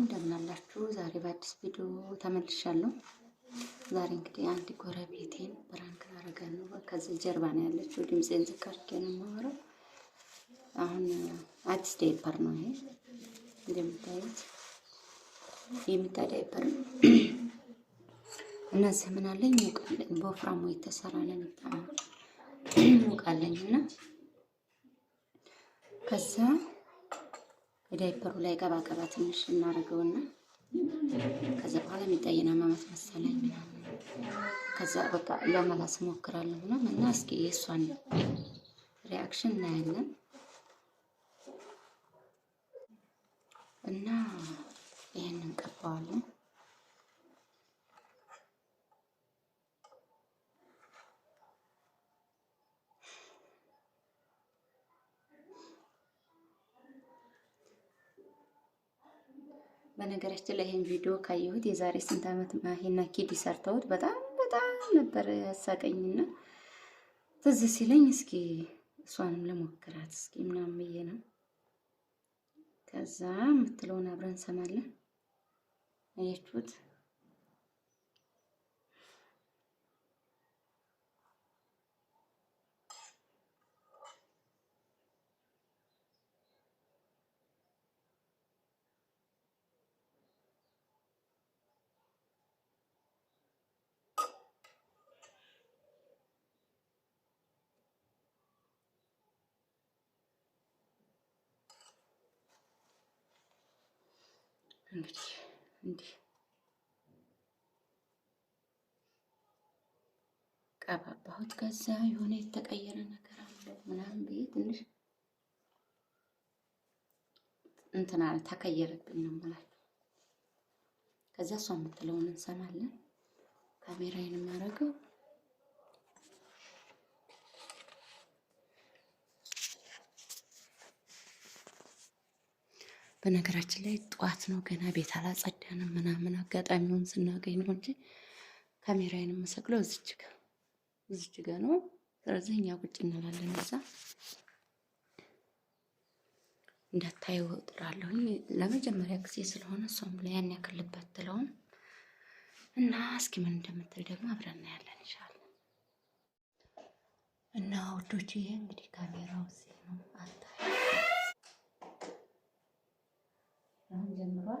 እንደምን አላችሁ? ዛሬ በአዲስ ቪዲዮ ተመልሻለሁ። ዛሬ እንግዲህ አንድ ጎረቤቴን ብራንክ ላረገን ነው። ከዚህ ጀርባ ነው ያለችው። ድምፄን ዝቅ አድርጌ ነው የማወራው። አሁን አዲስ ዳይፐር ነው ይሄ እንደምታዩት የሚታይ ዳይፐር ነው። እነዚህ ምን አለኝ ሙቃለኝ በወፍራሙ የተሰራ ነው የሚጣ ሞቃለኝ እና ከዛ ዳይፐሩ ላይ ቀባ ቀባ ትንሽ እናደርገውና ከዛ በኋላ የሚታየን አማማት መሰለኝ ምናምን ከዛ በቃ ለመላስ እሞክራለሁ ምናምን እና እስኪ የእሷን ሪያክሽን እናያለን። እና ይህንን ቀባዋለን። በነገራችን ላይ ይህን ቪዲዮ ካየሁት የዛሬ ስንት ዓመት ማሄና ኪድ ሰርተውት በጣም በጣም ነበር ያሳቀኝና ትዝ ሲለኝ እስኪ እሷንም ለሞክራት እስኪ ምናምን ብዬ ነው። ከዛ የምትለውን አብረን እንሰማለን። አያችሁት? እንግዲህ እንዲህ ቀባባሁት። ከዛ የሆነ የተቀየረ ነገር አለ ምናምን ብዬ ትንሽ እንትና ተቀየረብኝ ነው የምላቸው። ከዛ እሷ የምትለውን እንሰማለን። ካሜራዬን የማደርገው በነገራችን ላይ ጠዋት ነው ገና ቤት አላጸዳንም ምናምን፣ አጋጣሚውን ስናገኝ ነው እንጂ ካሜራዬን የምሰቅለው እዚች ጋ እዚች ጋ ነው። ስለዚህ እኛ ቁጭ እንላለን እዛ እንዳታዩ ጥራለሁኝ። ለመጀመሪያ ጊዜ ስለሆነ እሷም ላይ ያን ያክልበት ትለውም እና እስኪ ምን እንደምትል ደግሞ አብረን እናያለን ይሻል እና ውዶች፣ ይሄ እንግዲህ ካሜራው እዚህ ነው አታ Bora?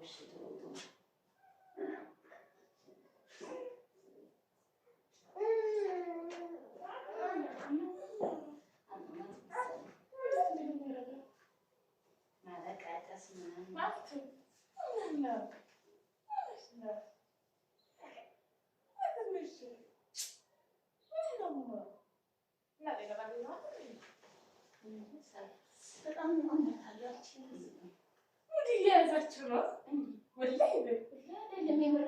hoş oldu. Baktım. Anladım.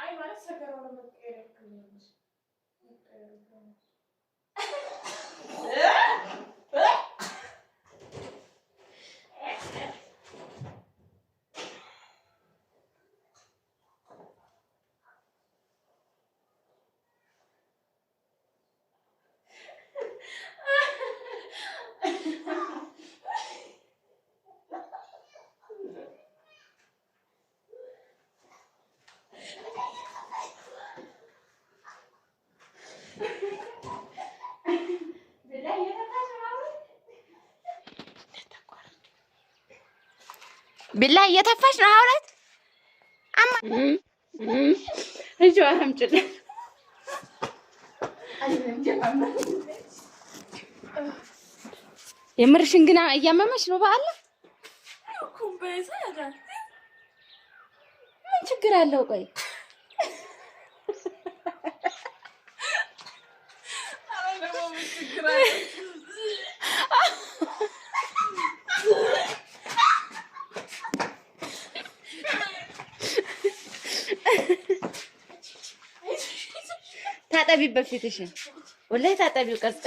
አይ ማለት ሰገራ ነው መቀየር ያክል ነው። ቢላ እየተፋች ነው አውራት አማ እጆ አምጭልኝ የምርሽን ግን እያመመች ነው። በአለ ምን ችግር አለው? ቆይ ታጠቢ፣ በፊትሽን ወላሂ ታጠቢው ቀስተ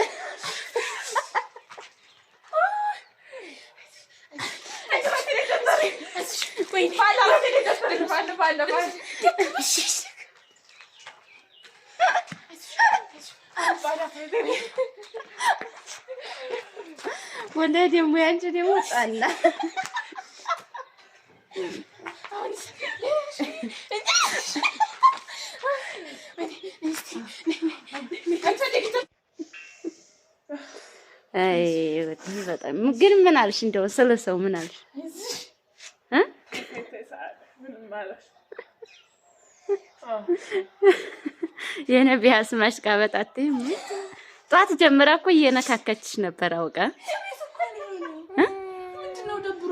ወደ ደግሞ ያንቺ ደግሞ ጣላ በጣም ግን ምን አልሽ? እንደው ስለ ሰው ምን አልሽ? የነቢያ ስማሽ ቃበጣቴ ጠዋት ጀምራ እኮ እየነካከችሽ ነበር አውቃ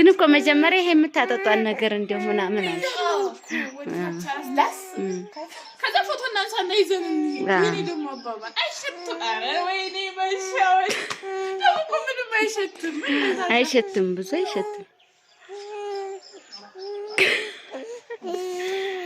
ግን እኮ መጀመሪያ ይሄ የምታጠጧን ነገር እንደው ምናምን አለ። ከዛ ፎቶ እናንሳና አይሸትም። ምንም አይሸትም፣ አይሸትም፣ ብዙ አይሸትም።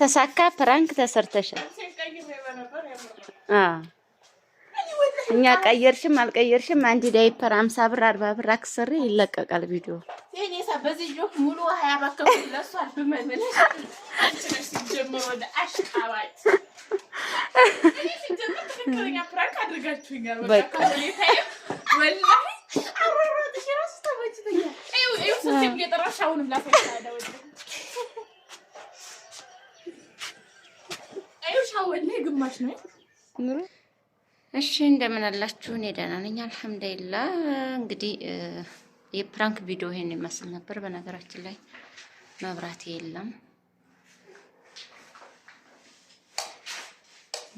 ተሳካ። ፕራንክ ተሰርተሻል። እኛ ቀየርሽም አልቀየርሽም አንድ ዳይፐር አምሳ ብር አርባ ብር አክሰሪ ይለቀቃል ቪዲዮ። በቃ እሺ እንደምን አላችሁ? እኔ ደህና ነኝ አልሐምዱሊላህ። እንግዲህ የፕራንክ ቪዲዮ ይሄን ይመስል ነበር። በነገራችን ላይ መብራት የለም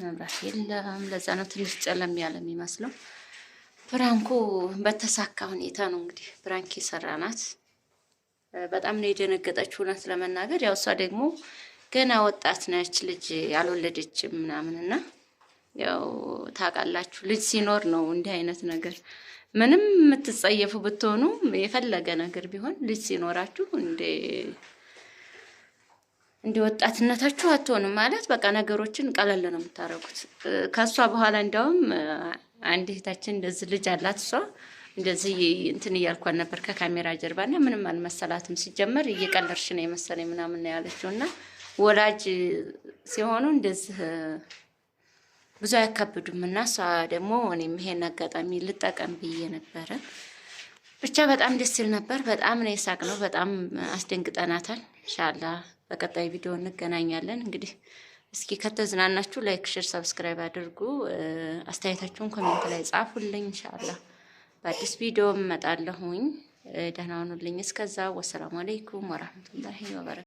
መብራት የለም። ለዛ ነው ትንሽ ጨለም ያለ የሚመስለው። ፕራንኩ በተሳካ ሁኔታ ነው እንግዲህ ፕራንክ የሰራናት። በጣም ነው የደነገጠችው እውነት ለመናገር ያው እሷ ደግሞ ገና ወጣት ነች፣ ልጅ አልወለደችም ምናምን እና ያው ታውቃላችሁ፣ ልጅ ሲኖር ነው እንዲህ አይነት ነገር ምንም የምትጸየፉ ብትሆኑ የፈለገ ነገር ቢሆን ልጅ ሲኖራችሁ እንደ እንደ ወጣትነታችሁ አትሆንም ማለት በቃ ነገሮችን ቀለል ነው የምታደርጉት። ከእሷ በኋላ እንዲያውም አንድ እህታችን እንደዚህ ልጅ አላት። እሷ እንደዚህ እንትን እያልኳን ነበር ከካሜራ ጀርባና ምንም አልመሰላትም። ሲጀመር እየቀለርሽ ነው የመሰለኝ ምናምን ያለችው እና ወላጅ ሲሆኑ እንደዚህ ብዙ አያካብዱም እና እሷ ደግሞ እኔም ይሄን አጋጣሚ ልጠቀም ብዬ ነበረ። ብቻ በጣም ደስ ይል ነበር። በጣም ነው የሳቅ ነው። በጣም አስደንግጠናታል። ሻላ በቀጣይ ቪዲዮ እንገናኛለን። እንግዲህ እስኪ ከተዝናናችሁ ላይክ፣ ሽር፣ ሰብስክራይብ አድርጉ። አስተያየታችሁን ኮሜንት ላይ ጻፉልኝ። እንሻላ በአዲስ ቪዲዮ እመጣለሁኝ። ደህና ሁኑልኝ። እስከዛ ወሰላሙ አለይኩም ወራህመቱላሂ ወበረካቱ።